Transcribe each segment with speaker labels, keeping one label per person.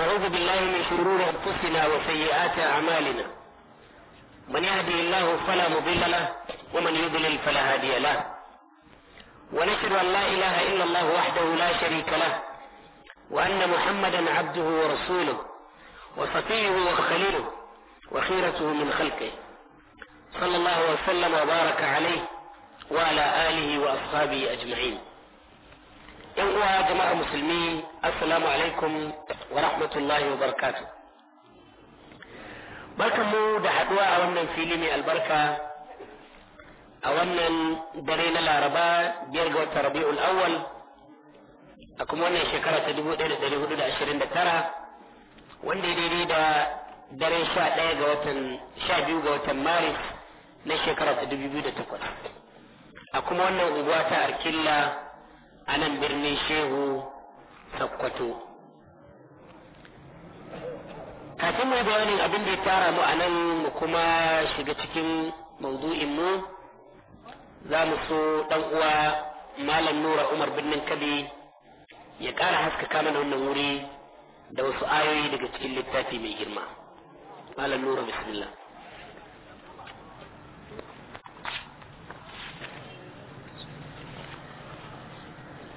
Speaker 1: ونعوذ بالله من شرور أنفسنا وسيئات أعمالنا من يهدي الله فلا مضل له ومن يضلل فلا هادي له ونشهد أن لا إله إلا الله وحده لا شريك له وأن محمدا عبده ورسوله وصفيه وخليله وخيرته من خلقه صلى الله وسلم وبارك عليه وعلى آله وأصحابه أجمعين yan uwa jama'ar musulmi assalamu alaikum wa rahmatullahi wa barkatu. barakatuh mu da haduwa a wannan fili mai albarka a wannan dare na laraba biyar ga watan rabi'ul awwal a kuma wannan shekara ta 1429 wanda ya daidai da daren 11 ga watan 12 ga watan maris na shekara ta 2008 a kuma wannan unguwa ta arkilla a nan birnin shehu sakkwato kafin mu bayanin abin da ya fara mu a nan mu kuma shiga cikin maudu'in mu za mu so ɗan uwa malam nura umar birnin kabi ya ƙara haskaka mana wannan wuri da wasu ayoyi daga cikin littafi mai girma malam nura bismillah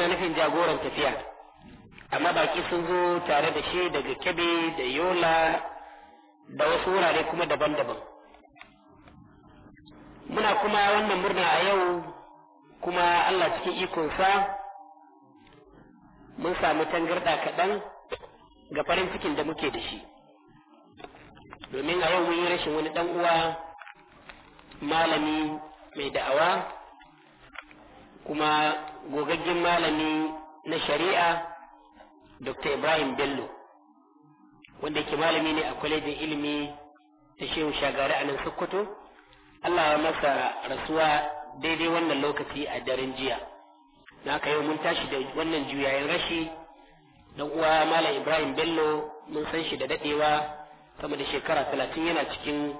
Speaker 1: yana nufin jagoran tafiya amma baki sun zo tare da shi daga kebe da yola da wasu wurare kuma daban-daban
Speaker 2: muna kuma wannan murna a yau
Speaker 1: kuma Allah cikin ikonsa mun samu tangarda kaɗan ga farin cikin da muke da shi domin a yau mun yi rashin wani ɗan uwa malami mai da'awa kuma gogaggen malami na shari'a dr ibrahim bello wanda yake malami ne a kwalejin ilimi ta shehu shagari a nan sokoto allah ya masa rasuwa daidai wannan lokaci a daren jiya na aka yau mun tashi da wannan juyayen rashi Na uwa malam ibrahim bello mun san shi da dadewa sama da shekara talatin yana cikin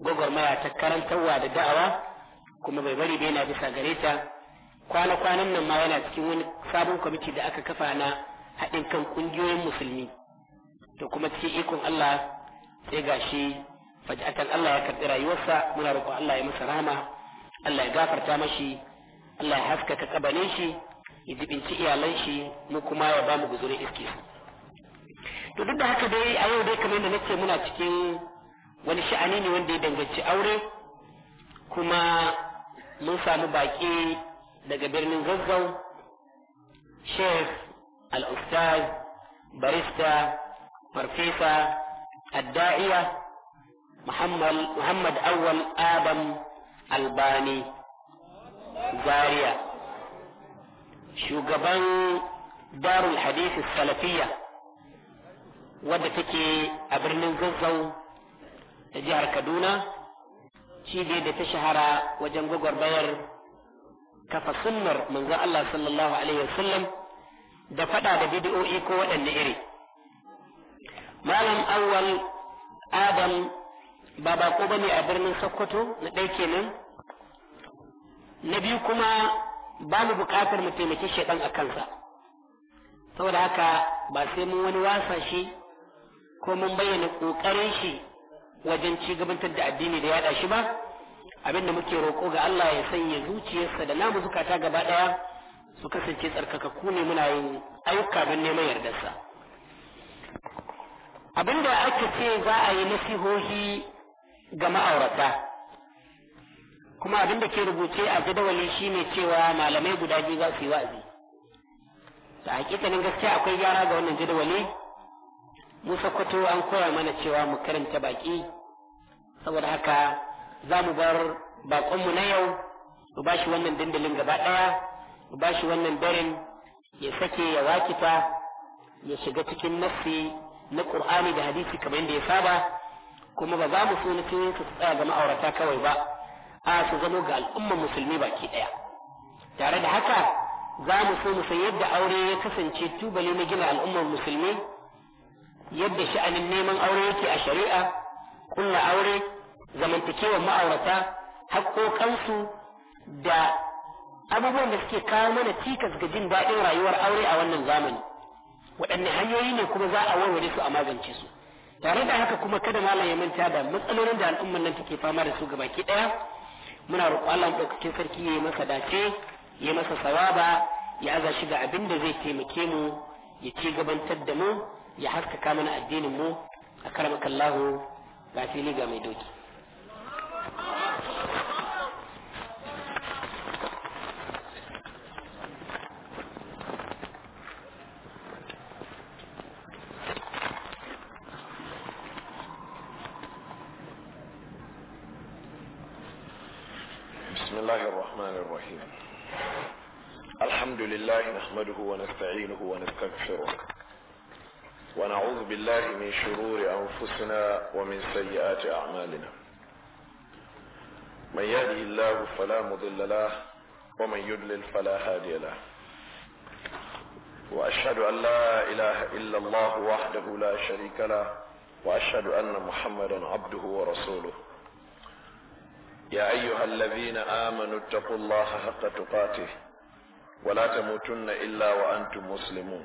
Speaker 1: gwagwarmaya ta karantarwa da da'awa kuma bai bari bai na bisa gare ta kwana-kwanan nan ma yana cikin wani sabon kwamiti da aka kafa na haɗin kan ƙungiyoyin musulmi to kuma cikin ikon Allah sai gashi faj'atan Allah ya karɓi rayuwarsa muna roƙon Allah ya masa rama, Allah ya gafarta mashi Allah ya haskaka kabanin shi ya jibinci iyalan shi mu kuma ya bamu mu guzurin iske su to duk da haka dai a yau dai kamar yadda nace muna cikin wani sha'ani ne wanda ya danganci aure kuma mun samu baƙi دجا بيرمين غزو شيخ الأستاذ باريستا فرفيسا الداعية محمد, محمد أول آدم الباني زاريا شوغبان دار الحديث السلفية ودفكي أبرمين غزو تجهر كدونا شيدي دتشهر وجنبو غربير kafa sunnar manzo Allah sallallahu alaihi wasallam da fada da bid'o'i ko waɗanne iri malam awwal adam ba ko bane a birnin Sokoto na ɗaya kenan na biyu kuma ba mu buƙatar mu taimaki shaidan a kansa saboda haka ba sai mun wani wasa shi ko mun bayyana ƙoƙarin shi wajen ci gabantar da addini da yaɗa shi ba Abin da muke roƙo ga Allah ya sanya zuciyarsa da namu zukata gaba ɗaya su kasance tsarkakakku ne muna yin ayyuka don neman yardarsa Abin da aka ce za a yi nasihohi ga ma'aurata kuma abin da ke rubuce a jadawali ne cewa malamai guda biyu za su yi wa'azi da hakikanin gaskiya akwai gyara ga wannan jadawali mu sakwato an koya mana cewa mu karanta baƙi saboda haka za mu bar baƙonmu na yau mu ba shi wannan dandalin gaba ɗaya mu ba shi wannan daren ya sake ya wakita ya shiga cikin nassi na ƙur'ani da hadisi kamar yadda ya saba kuma ba za mu so na cikin su tsaya ga ma'aurata kawai ba a su zamo ga al'ummar musulmi baki ɗaya tare da haka za mu so mu san yadda aure ya kasance tubali na gina al'ummar musulmi yadda sha'anin neman aure yake a shari'a kulla aure zamantakewar ma'aurata haƙoƙansu da abubuwan da suke kawo mana cikas ga jin daɗin rayuwar aure a wannan zamani waɗanne hanyoyi ne kuma za a warware su a magance su tare da haka kuma kada malam ya manta da matsalolin da al'ummar nan take fama da su ga baki ɗaya muna roƙo Allah ɗaukakin sarki ya yi masa dace ya yi masa sawaba ya aza shi ga abin da zai taimake mu ya ci gabantar da mu ya haskaka mana addinin mu a karamakallahu ga fili ga mai doki
Speaker 3: بالله من شرور أنفسنا ومن سيئات أعمالنا من يهدي الله فلا مضل له ومن يضلل فلا هادي له وأشهد أن لا إله إلا الله وحده لا شريك له وأشهد أن محمدا عبده ورسوله يا أيها الذين آمنوا اتقوا الله حق تقاته ولا تموتن إلا وأنتم مسلمون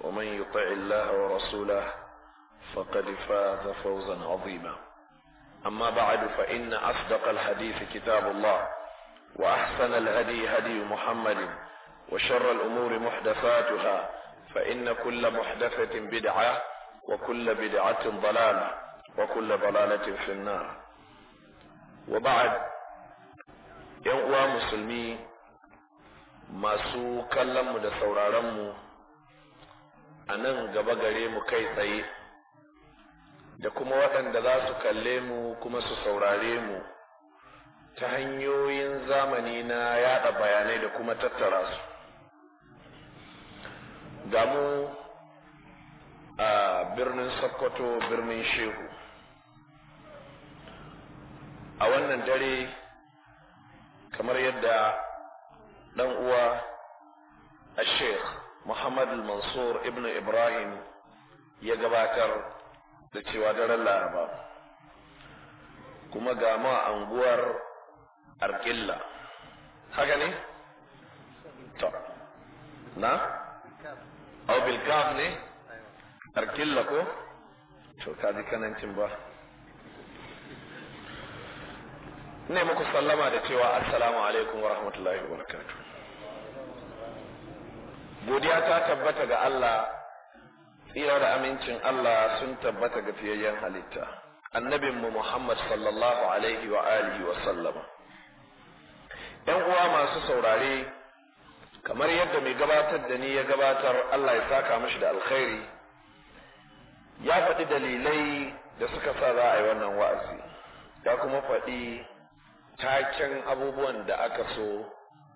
Speaker 3: ومن يطع الله ورسوله فقد فاز فوزا عظيما أما بعد فإن أصدق الحديث كتاب الله وأحسن الهدي هدي محمد وشر الأمور محدثاتها فإن كل محدثة بدعة وكل بدعة ضلالة وكل ضلالة في النار وبعد يوم مسلمين masu kallonmu da sauraronmu a nan gaba gare mu kai tsaye da kuma waɗanda za su kalle mu kuma su saurare mu ta hanyoyin zamani na yada bayanai da kuma tattara su Damu a birnin sokoto birnin shehu a wannan dare kamar yadda ɗan uwa a sheikh Muhammad al-Mansur ibn Ibrahim ya gabatar da cewa daren Laraba kuma ga ma anguwar Arkilla haka ne to na au ne
Speaker 4: Arkilla ko
Speaker 3: to ka ji kanancin ba ne muku sallama da cewa assalamu alaikum wa rahmatullahi wa barakatuh
Speaker 4: godiya ta tabbata
Speaker 3: ga Allah tsira da amincin Allah sun tabbata ga fiyayyen halitta annabin mu Muhammad sallallahu alaihi wa alihi wa sallama ‘yan uwa masu saurare kamar yadda mai gabatar da ni ya gabatar Allah ya saka mashi da alkhairi ya faɗi dalilai da suka sa za a yi wannan wa'azi ya kuma faɗi taken abubuwan da aka so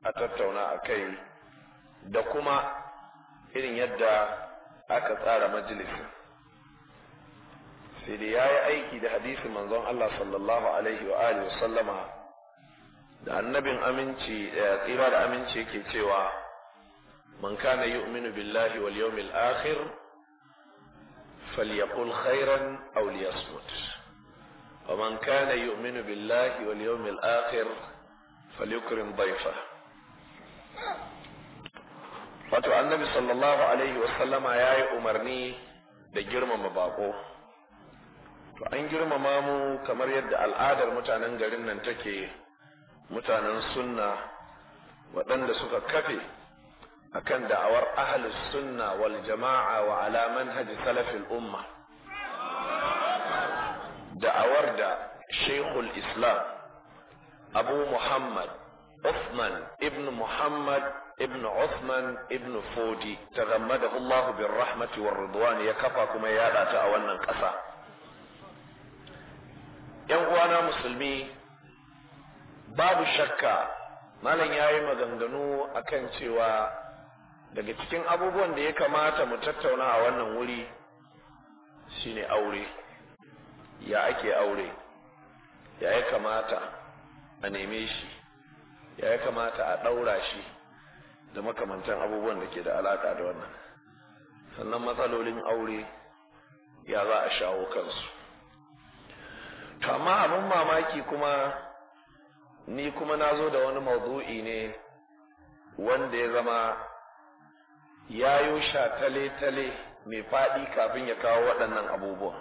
Speaker 3: a tattauna a kai da kuma irin yadda aka tsara majalisin sai da ya aiki da hadisi manzon Allah sallallahu alaihi wa alihi wa sallama da annabin aminci da tsira da aminci yake cewa man kana yu'minu billahi wal yawmil akhir falyaqul khairan aw liyasmut wa man kana yu'minu billahi wal yawmil akhir falyukrim dayfa wato annabi sallallahu alaihi wasallama ya yi umarni da girmama bako to an girmama mu kamar yadda al'adar mutanen garin nan take mutanen sunna waɗanda suka kafe akan da'awar ahlus sunna wal jama'a wa ala manhaj salafil umma
Speaker 4: da'awar da
Speaker 3: shekul islam abu muhammad Uthman ibn muhammad ibn Usman ibn Fodi ta tagammadahu Allah bin rahmati war ridwan ya kafa kuma ya yada ta a wannan ƙasa yan uwana musulmi babu shakka malam ya yayi maganganu kan cewa daga cikin abubuwan da ya kamata mu tattauna a wannan wuri shine aure ya ake aure ya ya kamata a neme shi ya ya kamata a ɗaura shi da makamantan abubuwan da ke da alaƙa da wannan sannan matsalolin aure ya za a shawo kansu to amma abin mamaki kuma ni kuma na zo da wani maudu’i ne wanda ya zama ya yi sha tale-tale mai faɗi kafin ya kawo waɗannan abubuwan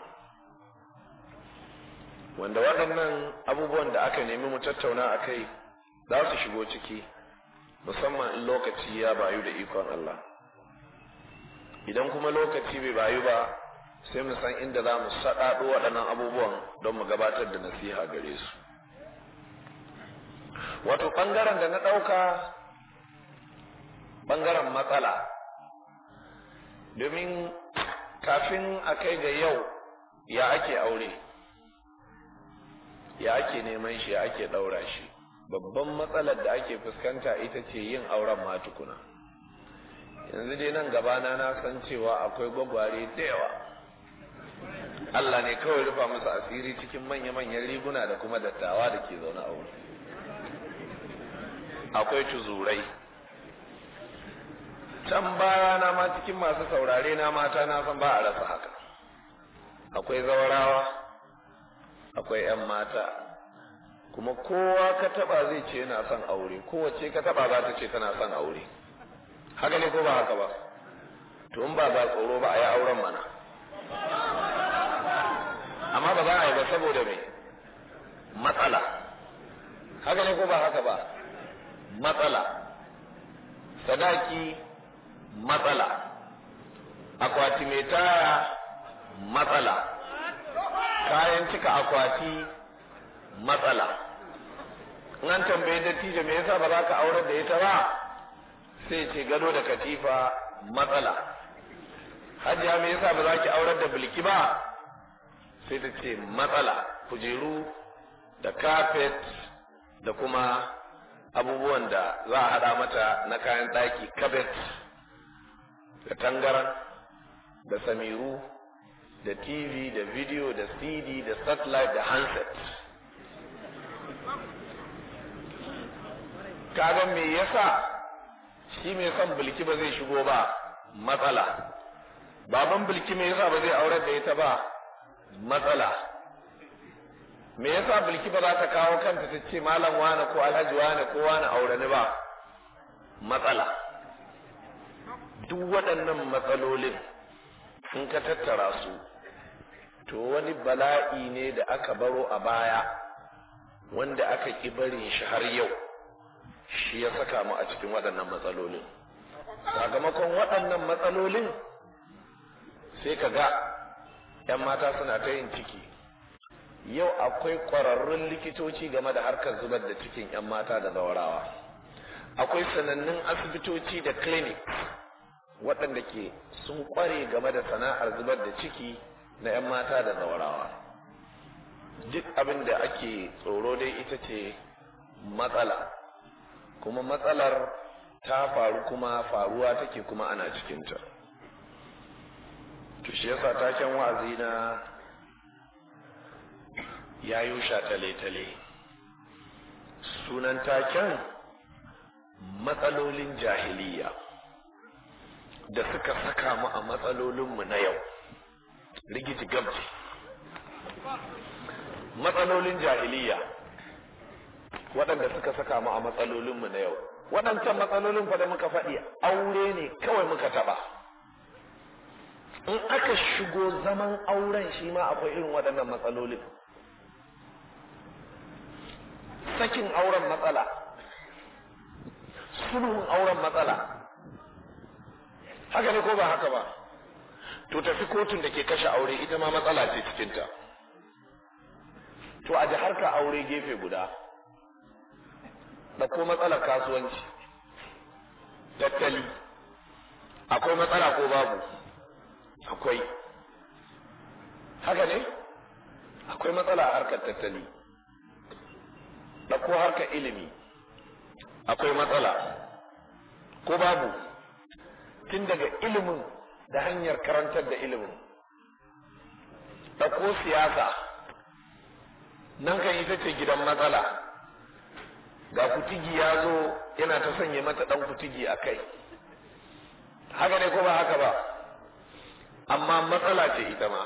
Speaker 3: wanda
Speaker 2: waɗannan
Speaker 3: abubuwan da aka nemi mu tattauna a kai za su shigo ciki musamman in lokaci ya bayu da ikon Allah idan kuma lokaci bai bayu ba sai mu san inda za mu saɗaɗo waɗannan abubuwan don mu gabatar da nasiha gare
Speaker 4: su wato ɓangaren da na ɗauka
Speaker 3: ɓangaren matsala domin kafin a kai ga yau
Speaker 2: ya ake aure
Speaker 3: ya ake neman shi ya ake ɗaura shi babban matsalar da ake fuskanta ita ce yin auren ma tukuna yanzu dai nan gabana na san cewa akwai gwagware da yawa Allah ne kawai rufa musu asiri cikin manya-manyan riguna da kuma dattawa da ke zaune a akwai tuzurai can baya na ma cikin masu saurare na mata na san ba a rasa haka akwai zawarawa akwai 'yan mata kuma kowa ka taba zai ce yana son aure kowace ka taba za ta ce tana son aure
Speaker 2: haka ne ko ba haka
Speaker 3: ba to in ba za tsoro ba a yi auren mana
Speaker 4: amma ba za a yi ba
Speaker 3: saboda mai matsala haka ne ko ba haka ba matsala sadaki matsala akwati mai taya matsala
Speaker 4: kayan cika akwati
Speaker 3: matsala
Speaker 4: in an dattijo me yasa ba za ka aurar da ita ba
Speaker 3: sai ce gado da katifa matsala
Speaker 2: hajiya me yasa ba za ki aurar da bilki ba
Speaker 3: sai ta ce matsala kujeru da kafet da kuma abubuwan da za a hada mata na kayan ɗaki kabet da tangaran da samiru da tv da video da cd da satellite da handset
Speaker 4: kaga me yasa
Speaker 3: shi mai son bilki ba zai shigo ba matsala baban bilki me yasa ba zai aurar da ita ba matsala me yasa bilki ba za ta kawo kanta ta ce malam wane ko alhaji wane ko wane aure ni ba matsala duk waɗannan matsalolin in ka tattara su to wani bala'i ne da aka baro a baya wanda aka ƙi barin shi har yau shi ya saka mu a cikin waɗannan matsalolin sakamakon waɗannan matsalolin sai ka ga 'yan mata suna ta yin ciki yau akwai ƙwararrun likitoci game da harkar zubar da cikin 'yan mata da zaurawa akwai sanannun asibitoci da clinics waɗanda ke sun ƙware game da sana'ar zubar da ciki na 'yan mata da zaurawa duk abin da ake tsoro dai ita ce matsala kuma matsalar ta faru kuma faruwa take kuma ana cikinta to shi yasa taken wa'azi na yayo sha tale-tale sunan taken matsalolin jahiliya da suka saka mu a matsalolinmu na yau rigiti gamci matsalolin jahiliya waɗanda suka saka mu a matsalolinmu na yau waɗancan matsalolin fa da muka faɗi aure ne kawai muka taɓa in aka shigo zaman auren shi ma akwai irin waɗannan matsalolin sakin auren matsala
Speaker 4: sulhun auren matsala haka ne
Speaker 3: ko ba haka ba to tafi kotun da ke kashe aure ita ma matsala ce cikinta to a ji harka aure gefe guda Da ko matsalar kasuwanci tattali akwai matsala ko babu akwai haka ne akwai matsala a harkar tattali da ko harkar ilimi akwai matsala ko babu tun daga ilimin da hanyar karantar da ilimin da ko siyasa nan kan ita ce gidan matsala ga kutigi ya zo yana ta sanya mata dan kutigi a kai haka ne ko ba haka ba amma matsala ce ita ma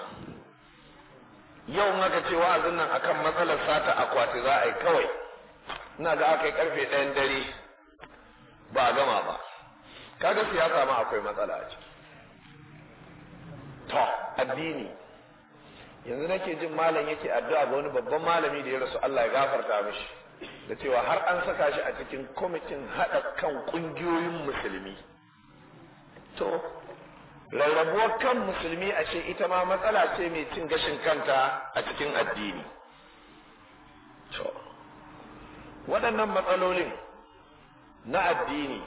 Speaker 3: yau naka ce wa'azin nan akan matsalar sata akwati za a yi kawai ina ga aka yi karfe ɗayan dare ba a gama ba kaga siyasa ma akwai matsala a ciki to addini yanzu nake jin malam yake addu'a ga wani babban malami da ya rasu Allah ya gafarta mishi da cewa har an saka shi a cikin kwamitin haɗa kan ƙungiyoyin musulmi to rarrabuwar kan musulmi a ce ita ma matsala ce mai cin gashin kanta a cikin addini to waɗannan matsalolin na addini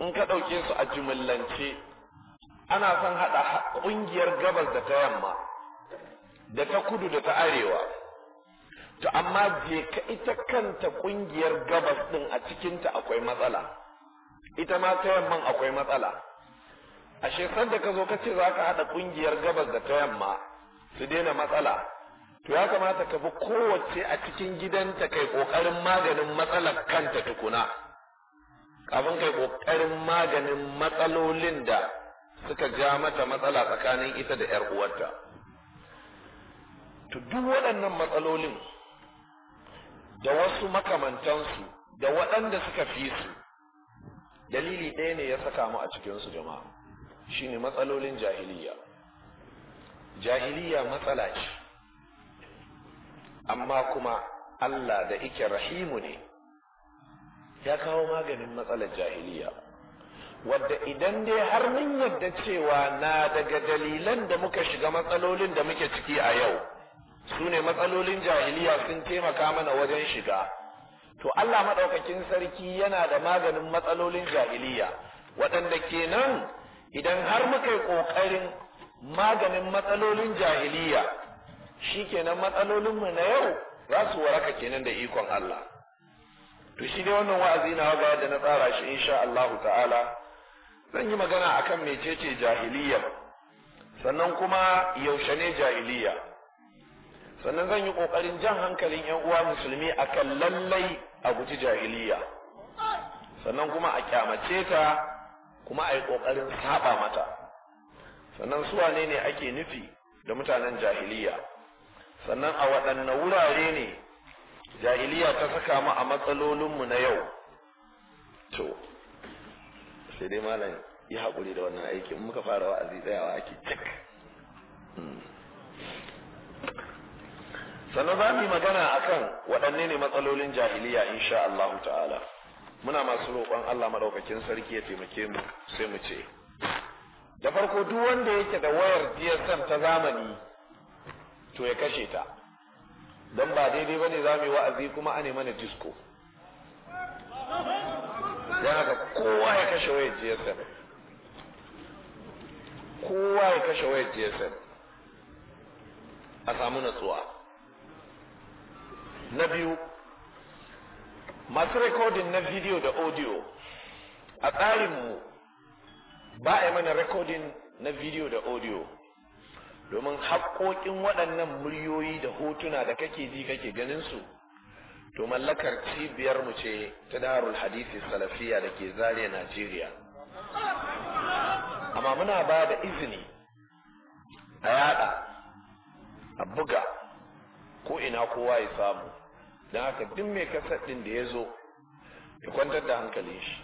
Speaker 3: in ka ɗauke su a jumillance ana son haɗa ƙungiyar gabas da ta yamma da ta kudu da ta arewa to amma je ka ita kanta kungiyar gabas din a cikinta akwai matsala ita ma ta yamma akwai matsala a shekar da ka zo ka ce za ka haɗa kungiyar gabas da ta yamma su daina matsala to ya kamata ka bi kowace a cikin gidanta kai ƙoƙarin maganin matsalar kanta tukuna kafin kai ƙoƙarin maganin matsalolin da suka ja mata matsala tsakanin ita da 'yar uwarta to duk waɗannan matsalolin da wasu makamantansu da waɗanda suka fi su dalili ɗaya ne ya saka mu a cikinsu jama'a Shi ne matsalolin jahiliya jahiliya matsala ce amma kuma Allah da ike rahimu ne ya kawo maganin matsalar jahiliya wadda idan dai har mun yadda cewa na daga dalilan da muka shiga matsalolin da muke ciki a yau su ne matsalolin jahiliya sun taimaka mana wajen shiga to Allah maɗaukakin sarki yana da maganin matsalolin jahiliya waɗanda kenan idan har muka yi ƙoƙarin maganin matsalolin jahiliya shi kenan matsalolinmu na yau za su waraka kenan da ikon Allah to shi dai wannan wa'azi na ga yadda na tsara shi insha Allah ta'ala zan yi magana akan mecece jahiliya sannan kuma yaushe ne jahiliya sannan zan yi kokarin jan hankalin yan uwa musulmi akan lallai a guji jahiliya sannan kuma a kyamace ta kuma a yi kokarin saba mata sannan su wane ne ake nufi da mutanen jahiliya sannan a waɗanne wurare ne jahiliya ta saka mu a matsalolinmu na yau to sai dai malam yi haƙuri da wannan in muka fara wa'azi tsayawa ake cik hmm.
Speaker 4: sannan za mu yi magana akan
Speaker 3: waɗanne ne matsalolin jahiliya insha Allah ta'ala muna masu roƙon Allah madaukakin sarki ya taimake mu sai mu ce da farko duk wanda yake da wayar DSM ta zamani to ya kashe ta don ba daidai bane za mu yi wa'azi kuma a na disco
Speaker 4: dan haka kowa ya kashe wayar GSM
Speaker 3: kowa ya kashe wayar DSM a samu natsuwa na biyu masu rikodin na video da audio a tsarinmu ba a mana rikodin na video da audio domin haƙoƙin waɗannan muryoyi da hotuna da kake ji kake ganin su to mallakar cibiyar mu ce ta darul hadisi salafiya da ke zariya najeriya amma muna ba da izini a yada a buga ko ina kowa ya samu don haka duk mai kasar ɗin da ya zo ya kwantar da hankalin shi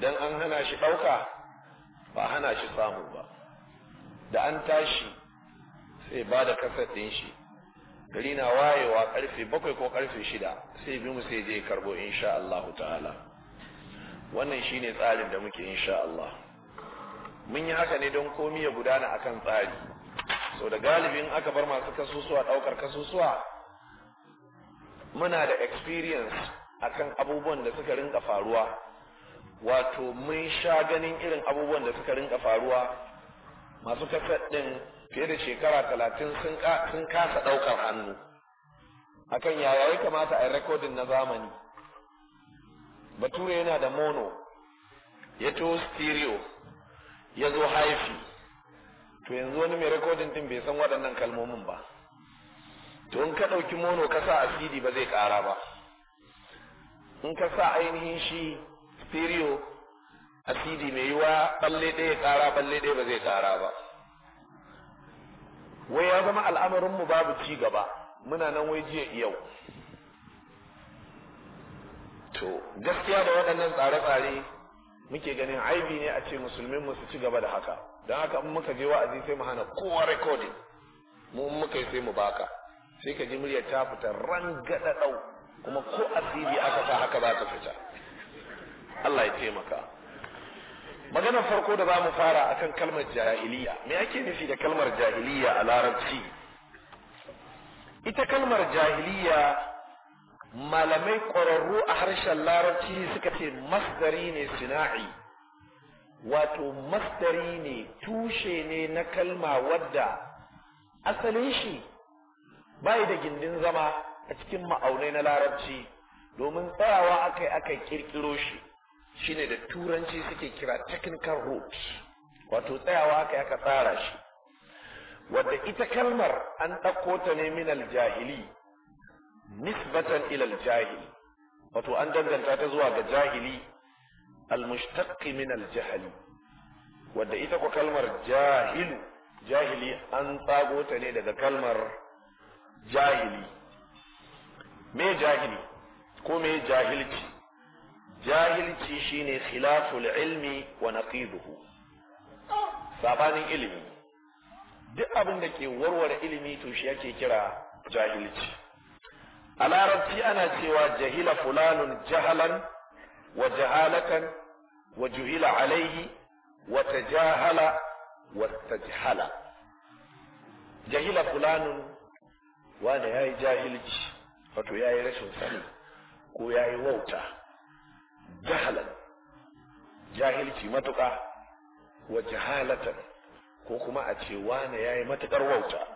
Speaker 3: don an hana shi ɗauka ba hana shi samu ba da an tashi sai ba da kasar ɗin shi gari na wayewa karfe bakwai ko karfe shida sai bi mu sai je karbo insha Allah ta'ala wannan shine tsarin da muke insha Allah mun yi haka ne don komi ya gudana akan tsari so da galibin aka bar masu kasusuwa ɗaukar kasusuwa muna da experience akan abubuwan da suka rinka faruwa wato mun sha ganin irin abubuwan da suka rinka faruwa masu kasar ɗin fiye da shekara talatin sun kasa ɗaukar hannu akan yaya ya kamata a yi na zamani bature yana da mono ya to stereo ya zo haifi to yanzu wani mai rikodin ɗin bai san waɗannan kalmomin ba to in ka ɗauki mono ka sa asidi ba zai ƙara ba in ka sa ainihin shi stereo asidi mai yiwa balle ɗaya ƙara balle ɗaya ba zai ƙara ba wai ya zama al'amarinmu babu ci gaba muna nan wai jiya yau to gaskiya da waɗannan tsare-tsare muke ganin aibi ne a ce musulmin mu su ci gaba da haka don haka in muka je wa'azi sai mu hana kowa recording mu muka yi sai mu baka sai ka ji muryar ta fita rangada dau kuma ko asiri aka sa haka za ta fita Allah ya taimaka maganar farko da za mu fara akan kalmar jahiliya me ake nufi da kalmar jahiliya a larabci ita kalmar jahiliya malamai ƙwararru a harshen larabci suka ce masdari ne sina'i wato masdari ne tushe ne na kalma wadda asalin shi bai da gindin zama a cikin ma'aunai na larabci domin tsayawa akai aka kirkiro shi shine da turanci suke kira technical route wato tsayawa akai aka tsara shi wadda ita kalmar an ɗauko ta ne min aljahili nisbatan ila aljahil wato an danganta ta zuwa ga jahili المشتق من الجهل wadda ita ko kalmar jahilu jahili an tsago ta ne daga kalmar jahili me jahili ko me jahilci jahilci shine khilaful ilmi wa naqiduhu sabanin ilimi duk abin da ke warware ilimi to shi yake kira jahilci a larabci ana cewa jahila fulanun jahalan wa jahalakan wa juhila alaihi wa tajahala wa tajhala jahila fulanun wanda ya yi jahilci wato ya yi rashin sani ko ya yi wauta jahalan jahilci matuka wa jahalatan ko kuma a ce wane ya yi matuƙar wauta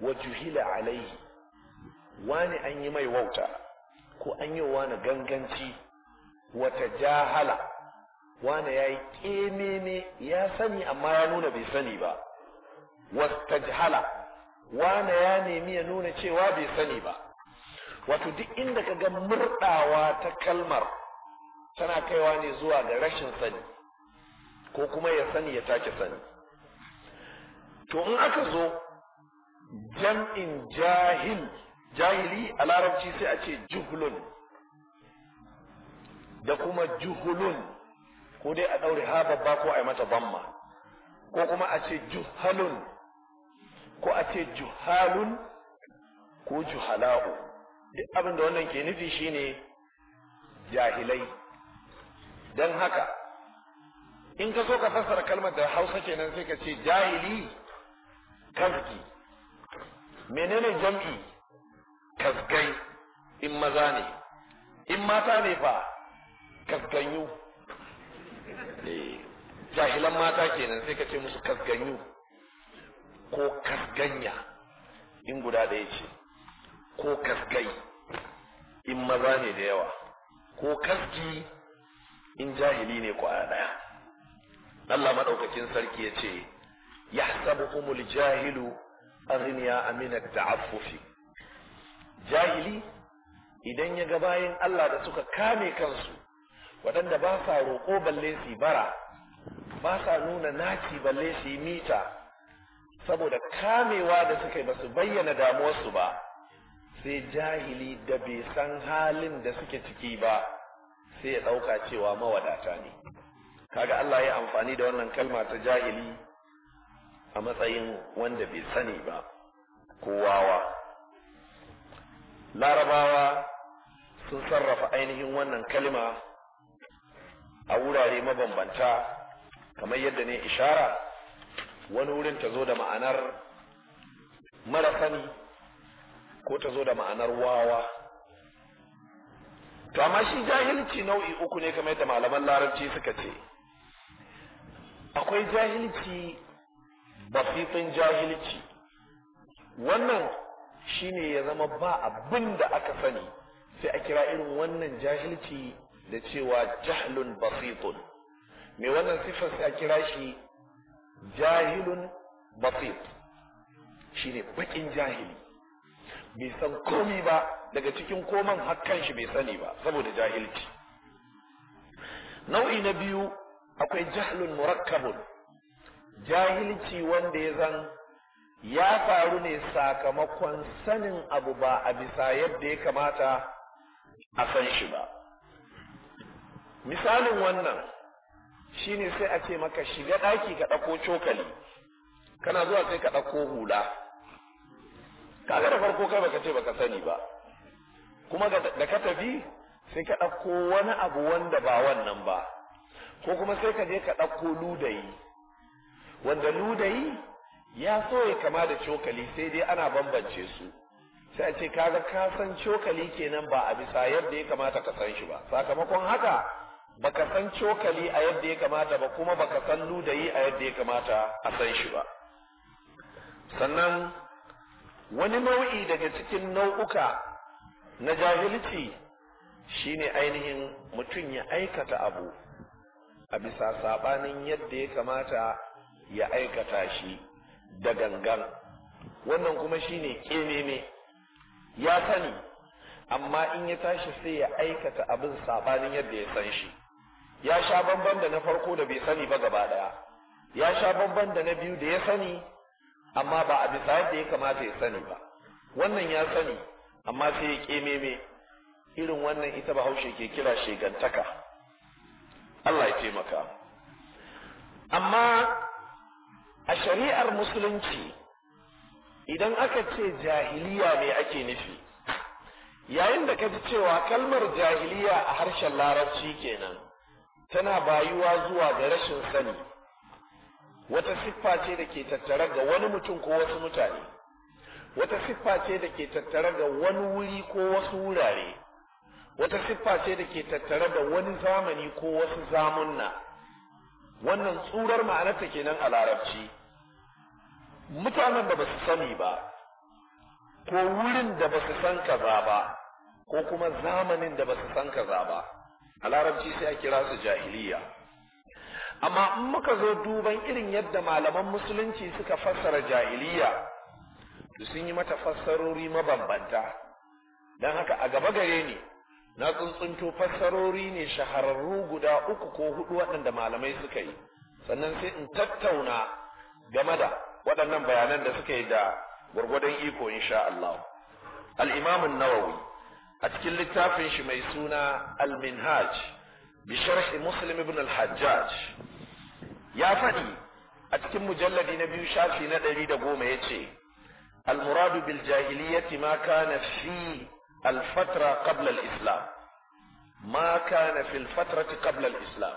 Speaker 3: wa juhila alaihi wane an yi mai wauta ko an yi wane ganganci wata jahala wane ya yi ƙememe ya sani amma ya nuna bai sani ba jahala. wane ya nemi ya nuna cewa bai sani ba wato duk inda ka ga murdawa ta kalmar tana kaiwa ne zuwa ga rashin sani ko kuma ya sani ya take sani to in aka zo jam'in jahil jahili a larabci sai a ce juhulun da kuma juhulun ko dai a ɗaure ha babba ko a yi mata bamma ko kuma a ce juhalun ko a ce juhalun ko juhala'u duk abin da wannan ke nufi shine jahilai don haka in ka so ka fassara kalmar da hausa kenan sai ka ce jahili kafki menene jam'i kaskai in maza ne in mata ne fa kaskanyu eh, jahilan mata kenan sai ka ce musu kasganyu ko kasganya in guda ɗaya ce ko kasgai in maza ne da yawa ko kasgi in jahili ne kwaya ɗaya Allah maɗaukakin sarki ya ce ya yahsabuhumul jahilu aghniya da ta'affufi jahili idan ya ga bayan Allah da suka kame kansu waɗanda ba sa roƙo balle su bara ba sa nuna naci balle su mita saboda kamewa da suka yi ba su bayyana damuwarsu ba sai jahili da bai san halin da suke ciki ba sai ya ɗauka cewa mawadata ne kaga Allah ya amfani da wannan kalma ta jahili a matsayin wanda bai sani ba ko larabawa sun sarrafa ainihin wannan kalma a wurare mabambanta kamar yadda ne ishara wani wurin ta zo da ma'anar mara sani ko ta zo da ma'anar wawa to amma shi jahilci nau'i uku ne kamar yadda malaman larabci suka ce akwai jahilci
Speaker 2: basifin jahilci
Speaker 3: wannan shine ya zama ba abin da aka sani sai a kira irin wannan jahilci da cewa jahlun basitun mai wannan siffar sai a kira shi jahilun basit shine bakin jahili bai san komi ba daga cikin koman hakkan shi bai sani ba saboda jahilci nau'i na biyu akwai jahilun murakkabun jahilci wanda ya zan ya faru ne sakamakon sanin abu ba a bisa yadda ya kamata a san shi ba misalin wannan shine sai a ce maka shiga ɗaki ka ɗauko cokali kana zuwa sai ka ɗauko hula kaga da farko kai baka ce baka sani ba kuma da ka tafi sai ka ɗauko wani abu wanda ba wannan ba ko kuma sai ka je ka ɗauko ludayi wanda ludayi ya so ya kama da cokali sai dai ana bambance su sai a ce kaga ka san cokali kenan ba a bisa yadda ya kamata ka san shi ba sakamakon haka baka san cokali a yadda ya kamata ba kuma baka san ludayi a yadda ya kamata a san shi ba sannan wani nau'i daga cikin nau'uka na jahilci shine ainihin mutum ya aikata abu a bisa sabanin yadda ya kamata ya aikata shi da gangan wannan kuma shine kememe ya sani amma in ya tashi sai ya aikata abin sabanin yadda ya san shi ya sha bamban da na farko da bai sani ba gaba daya ya sha bamban da na biyu da ya sani amma ba a bisa yadda ya kamata ya sani ba wannan ya sani amma sai ya kememe irin wannan ita bahaushe ke kira shegantaka Allah ya taimaka amma a shari'ar musulunci idan aka ce jahiliya ne ake nufi yayin da ka ji cewa kalmar jahiliya a harshen larabci kenan tana bayuwa zuwa ga rashin sani wata siffa ce da ke tattare ga wani mutum ko wasu mutane wata siffa ce da ke tattare ga wani wuri ko wasu wurare wata siffa ce da ke tattare da wani zamani ko wasu zamunna wannan tsurar ma'anarta kenan a larabci mutanen da ba su sani ba ko wurin da ba su san kaza ba ko kuma zamanin da ba su san kaza ba a larabci sai a kira su jahiliya amma in muka zo duban irin yadda malaman musulunci suka fassara jahiliya to sun yi mata fassarori mabambanta don haka a gaba gare ni na tsuntsunto fassarori ne shahararru guda uku ko hudu waɗanda malamai suka yi sannan sai in tattauna game da waɗannan bayanan da suka yi da gwargwadon iko insha Allah al-Imam an-Nawawi a cikin littafin shi mai suna al-minhaj bi sharh muslim ibn al-hajjaj ya faɗi a cikin mujalladi na biyu shafi na ɗari da goma ya ce al-muradu bil jahiliyyati ma kana fi al-fatra qabla al-islam ma kana fi al-fatrati qabla al-islam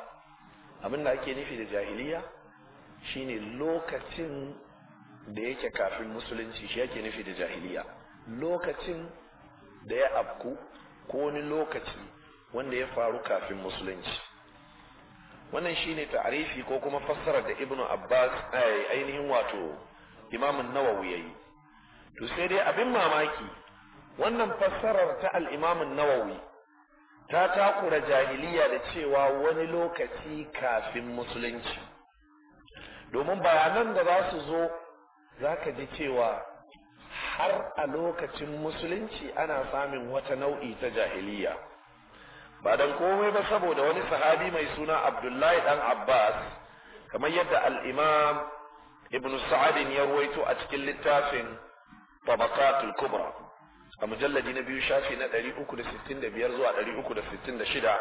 Speaker 3: abin da ake nufi da jahiliya shine lokacin da yake kafin musulunci shi yake nufi da jahiliya lokacin da ya afku ko wani lokaci wanda ya faru kafin musulunci wannan shine ta'arifi ko kuma fassarar da ibnu abbas eh, ainihin wato imamun nawawi yayi to sai dai abin mamaki wannan fassarar ta al nawa. nawawi ta takura jahiliya da cewa wani lokaci kafin musulunci domin bayanan da za su zo za ka ji cewa har a lokacin musulunci ana samun wata nau'i ta jahiliya ba dan komai ba saboda wani sahabi mai suna abdullahi dan abbas kamar yadda al-imam ibn sa'adin ya ruwaito a cikin littafin tabaqatul kubra a mujalladi na biyu shafi na 365 zuwa 366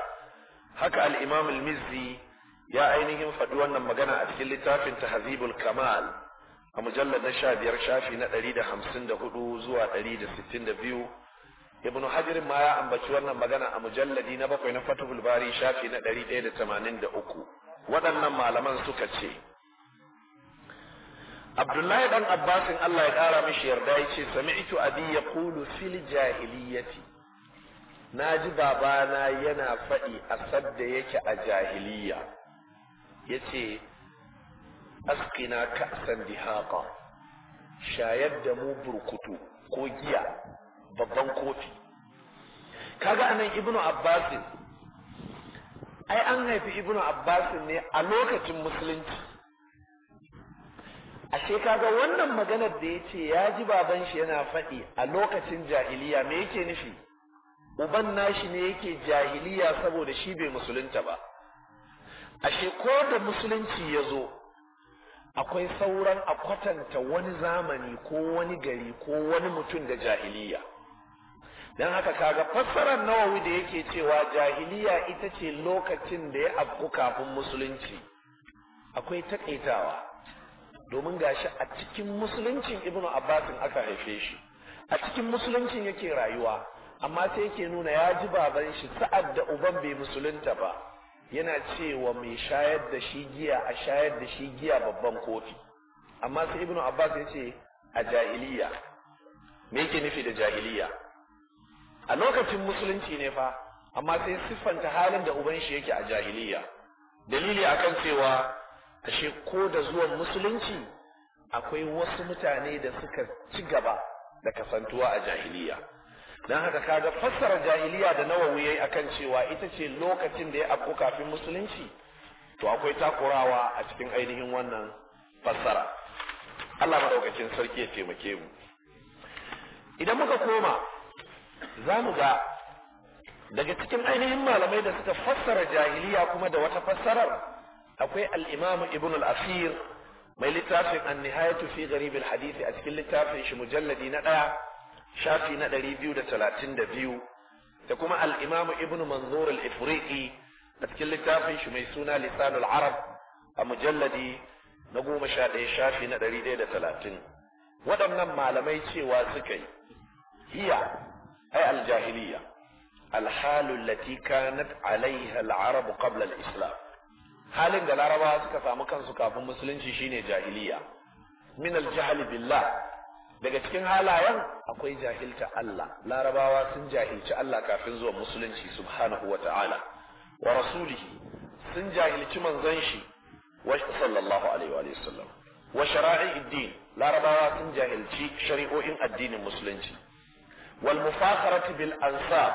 Speaker 3: haka al-imam al-mizzi ya ainihin faɗi wannan magana a cikin littafin tahzibul kamal a mujallar na sha biyar shafi na ɗari da hamsin da hudu zuwa ɗari da sittin da biyu ibnu hajirin ma ya ambaci wannan magana a mujalladi na bakwai na fatihul bari shafi na ɗari ɗaya da tamanin da uku waɗannan malaman suka ce abdullahi dan abbasin allah ya ƙara mishi yarda ya ce sami'tu abi ya kulu fil jahiliyati na ji babana yana faɗi a sadda yake a jahiliya yace asqina ka'san dihaqa shayar da mu burkutu ko giya babban kofi kaga anan ibnu abbas ai an haifi ibnu abbas ne a lokacin musulunci ashe kaga wannan maganar da yace ya ji baban shi yana faɗi a lokacin jahiliya me yake nufi uban nashi ne yake jahiliya saboda shi bai musulunta ba ashe ko da musulunci ya zo akwai sauran a kwatanta wani zamani ko wani gari ko wani mutum da jahiliya don haka kaga fassarar nawawi da yake cewa jahiliya ita ce lokacin da ya afku kafin musulunci akwai takaitawa domin gashi a cikin musuluncin ibnu abbasin aka haife shi a cikin musuluncin yake rayuwa amma sai yake nuna ya ji baban shi sa'ad da uban bai musulunta ba yana cewa mai shayar da shi giya a shayar da shi giya babban kofi amma sai ibnu abbas ya ce a jahiliya me yake nufi da jahiliya a lokacin musulunci ne fa amma sai siffanta halin da uban shi yake a jahiliya dalili akan cewa ashe ko da zuwan musulunci akwai wasu mutane da suka ci gaba da kasantuwa a jahiliya dan haka kaga fassara jahiliya da nawawi yayi akan cewa ita ce lokacin da ya afko kafin musulunci to akwai takurawa a cikin ainihin wannan fassara Allah madaukakin sarki ya taimake mu idan muka koma za mu ga daga cikin ainihin malamai da suka fassara jahiliya kuma da wata fassarar akwai al-Imam Ibn al-Asir mai littafin an-nihayatu fi gharib al-hadith a cikin littafin shi mujalladi na ɗaya. shafi na ɗari biyu da talatin da biyu da kuma al'imamu ibnu manzur al-ifriqi a cikin littafin shi mai suna lisanul arab a mujalladi na goma sha ɗaya shafi na ɗari ɗaya da talatin waɗannan malamai cewa suka yi hiya ai aljahiliya الحال التي كانت عليها العرب قبل الإسلام halin da larabawa suka samu kansu kafin musulunci shine jahiliya min aljahli billah daga cikin halayen akwai jahilta Allah larabawa sun jahilci Allah kafin zuwa musulunci subhanahu wa ta'ala wa rasulihi sun jahilci manzon shi wa sallallahu alaihi wa sallam wa shara'i'id din larabawa sun jahilci shari'o'in addinin musulunci wal mufakharati bil ansab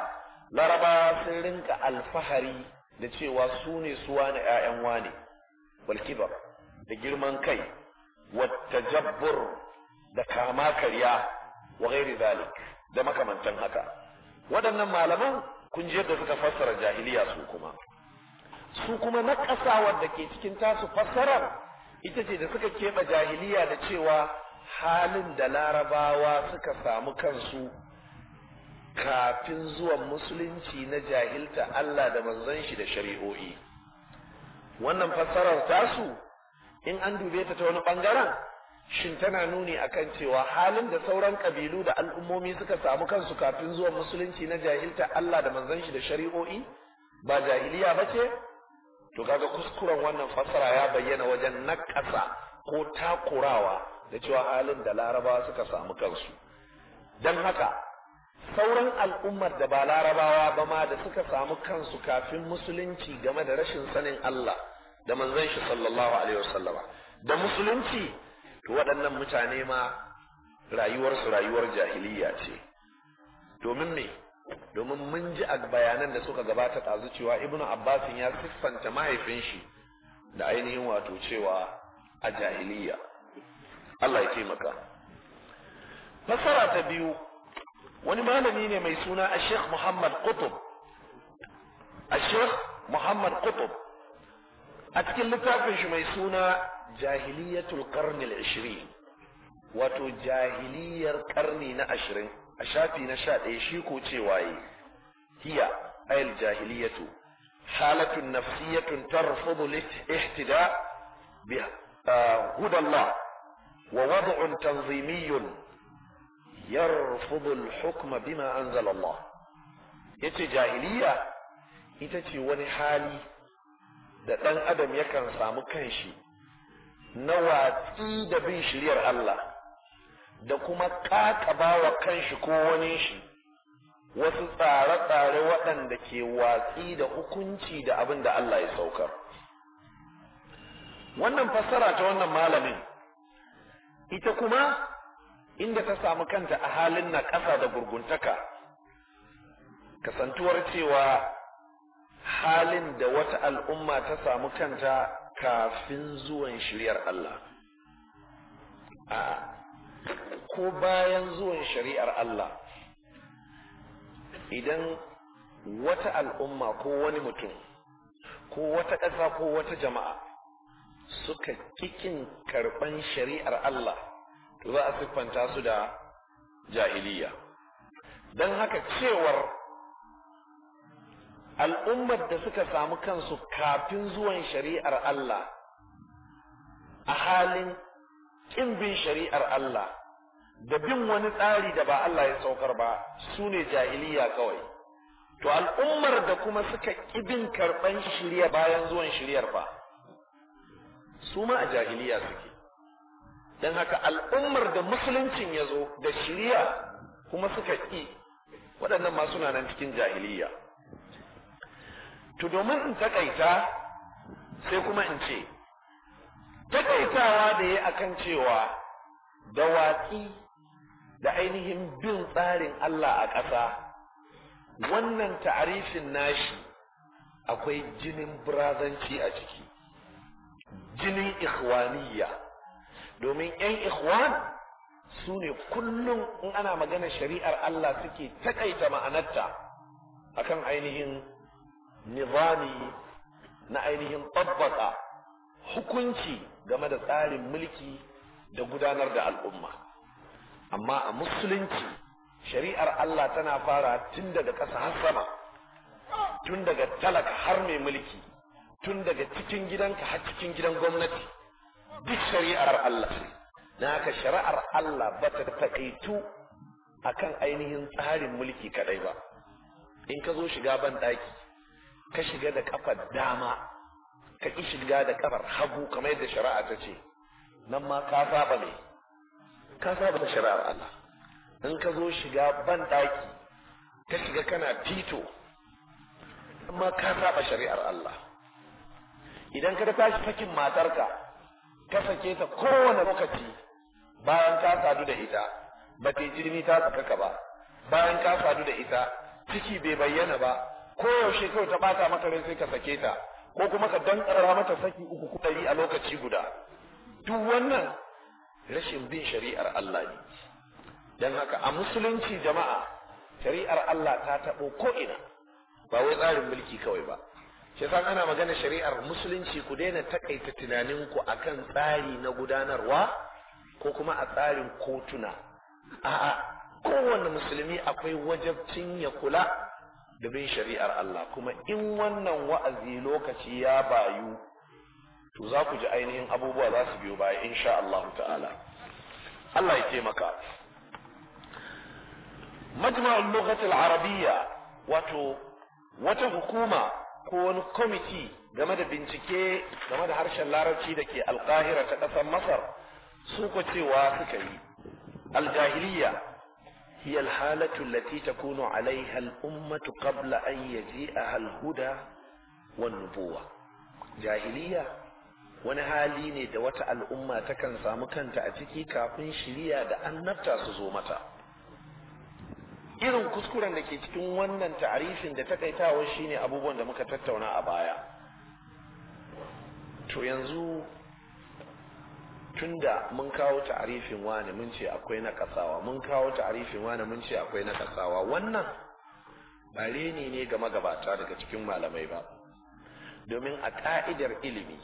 Speaker 3: larabawa sun rinka alfahari da cewa su ne su wani ƴaƴan wani wal kibar da girman kai wa tajabbur da kama karya wa gairi zalik da makamantan haka waɗannan malaman kun je da suka fassara jahiliya su kuma su kuma na ƙasawar da ke cikin tasu fassarar ita ce da suka keɓe jahiliya da cewa halin da larabawa suka samu kansu kafin zuwan musulunci na jahilta Allah da manzon shi da shari'o'i wannan fassarar tasu in an dube ta ta wani ɓangaren shin tana nuni akan cewa halin da sauran kabilu da al'ummomi suka samu kansu kafin zuwa musulunci na jahilta Allah da manzon shi da shari'o'i ba jahiliya ba ce to kaga kuskuren wannan fasara ya bayyana wajen nakasa ko takurawa da cewa halin da larabawa suka samu kansu don haka sauran al'ummar da ba larabawa ba ma da suka samu kansu kafin musulunci game da rashin sanin Allah da manzon shi sallallahu alaihi wasallama da musulunci to waɗannan mutane ma rayuwarsu rayuwar jahiliya ce domin me domin mun ji a bayanan da suka gabata ɗazu cewa ibnu abbasin ya siffanta mahaifin shi da ainihin wato cewa a jahiliya Allah ya taimaka fasara ta biyu wani malami ne mai suna a sheikh muhammad qutub a sheikh muhammad qutub a cikin littafin shi mai suna jahiliyatul ƙarni ashirin wato jahiliyar karni na ashirin a shafi na ɗaya shi ko ce waye. hiya ayil jahiliyatu halatun nafsiyatun tarfudu ihtida bi ah, hudallah wa wad'un tanzimiyyun yarfudu al-hukma bima anzala Allah yace jahiliya ita ce wani hali da ɗan adam yakan samu kanshi na watsi da bin shiryar Allah da kuma kakaba wa kanshi ko wani shi wasu tsare-tsare waɗanda ke watsi da hukunci da abin da Allah ya saukar wannan fassara ta wannan malamin ita kuma inda ta samu kanta a halin na ƙasa da gurguntaka kasantuwar cewa halin da wata al'umma ta samu kanta kafin zuwan shari'ar Allah a ko bayan zuwan shari'ar Allah idan wata al'umma ko wani mutum ko wata ƙasa ko wata jama'a suka cikin karɓan shari'ar Allah za a siffanta su da jahiliya don haka cewar al'ummar da suka samu kansu kafin zuwan shari'ar Allah a halin kin bin shari'ar Allah da bin wani tsari da ba Allah ya saukar ba su ne jahiliya kawai to al'ummar da kuma suka kibin karɓan shirya bayan zuwan shiryar ba su ma a jahiliya suke don haka al'ummar da musuluncin ya zo da shirya kuma suka ki, waɗannan ma suna nan cikin jahiliya to domin in taƙaita, sai kuma in ce taƙaitawa da ya akan cewa da da ainihin bin tsarin Allah a ƙasa wannan ta'arifin nashi akwai jinin burazanci a ciki jinin ikhwaniyya domin 'yan ikhwan su ne kullum in ana magana shari'ar Allah suke taƙaita ma'anarta akan ainihin nizami na ainihin tabbata hukunci game da tsarin mulki da gudanar da al'umma amma a musulunci shari'ar Allah tana fara tun daga ƙasa har sama tun daga talaka har mai mulki tun daga cikin gidanka har cikin gidan gwamnati
Speaker 4: duk shari'ar Allah
Speaker 3: na haka shari'ar Allah ba ta taƙaitu akan ainihin tsarin mulki kaɗai ba in ka zo shiga ban ɗaki ka shiga da kafar dama ka ki shiga da kafar hagu kamar yadda shari'a ta ce nan ma ka saba ne ka saba da shari'ar Allah in ka zo shiga ban daki ka shiga kana fito nan ma ka saba shari'ar Allah idan ka tashi fakin matarka ka sake ta kowane lokaci bayan ka sadu da ita ba ta jirmi ta saka ka ba bayan ka sadu da ita ciki bai bayyana ba ko yaushe kawai ta bata maka rai sai ka sake ta ko kuma ka dankara mata saki uku ko a lokaci guda duk wannan rashin bin shari'ar Allah ne dan haka a musulunci jama'a shari'ar Allah ta tabo ko ina
Speaker 2: ba wai tsarin mulki
Speaker 3: kawai ba shi san ana magana shari'ar musulunci ku daina takaita tunaninku akan tsari na gudanarwa ko kuma a tsarin kotuna a'a kowanne musulmi akwai wajabcin ya kula da bin shari'ar Allah kuma in wannan wa'azi lokaci ya bayu to za ku ji ainihin abubuwa za su biyo baya insha Allah ta'ala Allah ya taimaka majma'ul lughatil arabiyya wato wata hukuma ko wani kwamiti game da bincike game da harshen larabci da ke alkahira ta ƙasar masar suka cewa suka yi Al-Jahiliya. هي الحالة التي تكون عليها الأمة قبل أن يجيئها الهدى والنبوة جاهلية ونهاليني دوات الأمة تكن سامكا تأتيكي كافن شريا دا النبتا سزومتا إذن كذكرا لكي تتنوانا تعريف دا تكيتا وشيني أبوبا دا مكتتا ونا أبايا تو ينزو tunda mun kawo ta'arifin wani mun ce akwai na kasawa mun kawo ta'arifin wani mun ce akwai na kasawa wannan ba reni ne ga magabata daga cikin malamai ba domin a ka'idar ilimi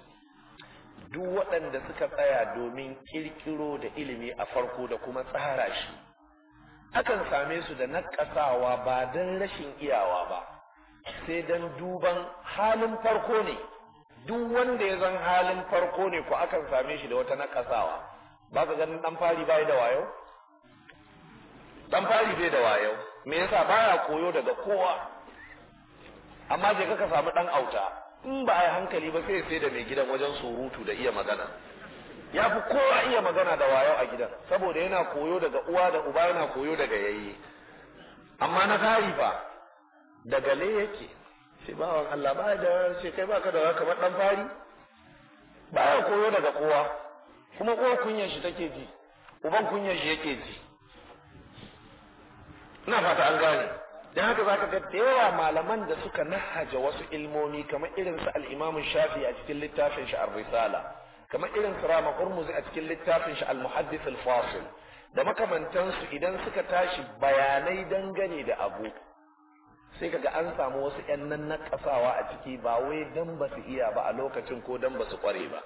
Speaker 3: duk waɗanda suka tsaya domin kirkiro da ilimi a farko da kuma tsara shi akan same su da nakasawa ba don rashin iyawa ba sai don duban halin farko ne duk wanda ya zan halin farko ne ko akan same shi da wata nakasawa ba ka ganin dan fari bai da wayo dan fari bai da wayo me yasa baya koyo daga kowa amma je ka samu dan auta in ba ai hankali ba sai sai da mai gidan wajen surutu da iya magana ya fi kowa iya magana da wayo a gidan saboda yana koyo daga uwa da uba yana koyo daga yayi amma na fari fa daga le yake ce bawan Allah ba da ce kai baka da kamar dan fari baya koyo daga kowa kuma kowa kunyar shi take ji uban kunyar shi yake ji ina fata an gane dan haka zaka ga da yawa malaman da suka nahaja wasu ilmomi kamar irin su al-Imam Shafi a cikin littafin shi Ar-Risala kamar irin su Rama Hurmuzi a cikin littafin shi Al-Muhaddith Al-Fasil da makamantansu idan suka tashi bayanai dangane da abu sai kaga an samu wasu ƴan nan na kasawa a ciki ba wai dan ba su iya ba a lokacin ko dan ba su kware ba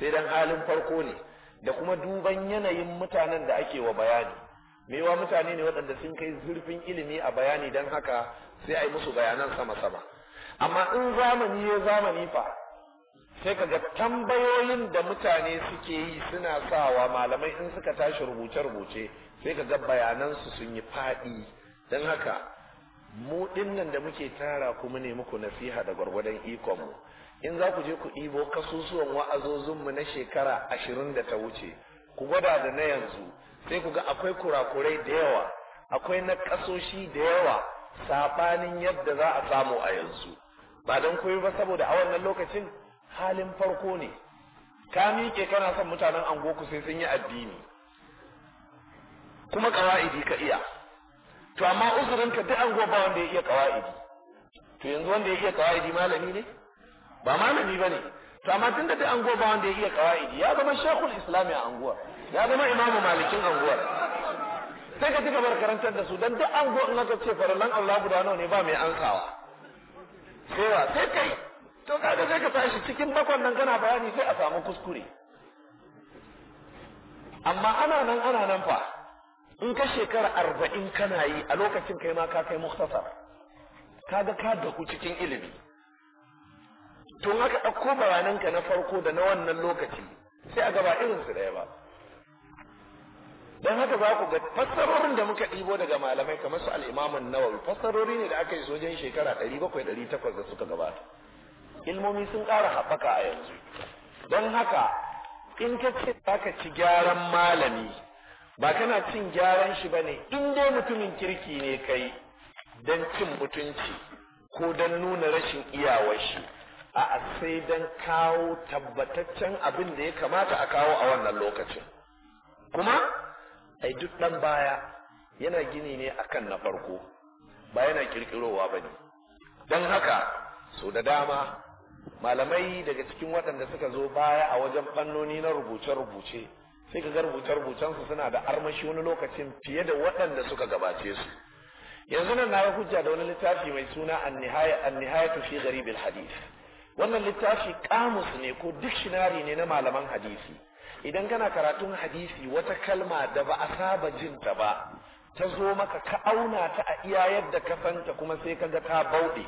Speaker 3: sai dan halin farko ne da kuma duban yanayin mutanen da ake wa bayani mewa mutane ne waɗanda sun kai zurfin ilimi a bayani dan haka sai a musu bayanan sama-sama amma in zamani ya zamani fa sai kaga tambayoyin da mutane suke yi suna sawa malamai in suka tashi rubuce-rubuce sai kaga bayanansu sun yi faɗi don haka mu dinnan da muke tara kuma ne muku nasiha da gwargwadon ikon mu in za ku je ku ɗibo kasusuwan mu na shekara ashirin da ta wuce ku gwada da na yanzu sai ku ga akwai kurakurai da yawa akwai na ƙasoshi da yawa saɓanin yadda za a samu a yanzu ba don koyi ba saboda a wannan lokacin halin farko ne ka miƙe kana son mutanen angoku sai sun yi addini kuma ƙawa'idi ka iya to amma uzurin ka duk anguwa ba wanda ya iya qawaidi to yanzu wanda ya iya qawaidi malami ne ba malami bane to amma tun da duk anguwa ba wanda ya iya qawaidi ya zama shekul islami a anguwa ya zama imamu malikin anguwa.
Speaker 4: sai ka tuka bar karantar
Speaker 3: da su dan duk anguwa in aka ce farallan Allah guda nawa ne ba mai ansawa sai wa sai kai
Speaker 4: to kaga sai ka tashi
Speaker 3: cikin bakon nan kana bayani sai a samu kuskure amma ana nan ana nan fa in ka shekara arba'in kana yi a lokacin kai ma ka kai muktasar kaga ka dahu cikin ilimi tun haka ɗauko bayananka na farko da na wannan lokaci sai a gaba irin su ɗaya ba don haka za ku ga fassarorin da muka ɗibo daga malamai kamar su al'imamun nawawi fassarori ne da aka yi sojan shekara ɗari bakwai ɗari takwas da suka gabata ilmomi sun ƙara haɓaka a yanzu don haka in ka ce za ka ci gyaran malami ba kana cin gyaran shi ba ne in dai mutumin kirki ne kai don cin mutunci ko don nuna rashin iyawar shi a'a sai don kawo tabbataccen abin da ya kamata a kawo a wannan lokacin kuma ai duk ɗan baya yana gini ne akan na farko ba yana kirkirowa ne. Don haka sau da dama malamai daga cikin waɗanda suka zo baya a wajen fannoni na rubuce-rubuce sai ka rubuce rubucen su suna da armashi wani lokacin fiye da waɗanda suka gabace su yanzu nan na hujja da wani littafi mai suna an-nihayatu fi gharibil hadith wannan littafi kamus ne ko dictionary ne na malaman hadisi idan kana karatun hadisi wata kalma da ba a saba jin ta ba ta zo maka ka auna ta a iya yadda ka santa kuma sai ka ga ta bauɗe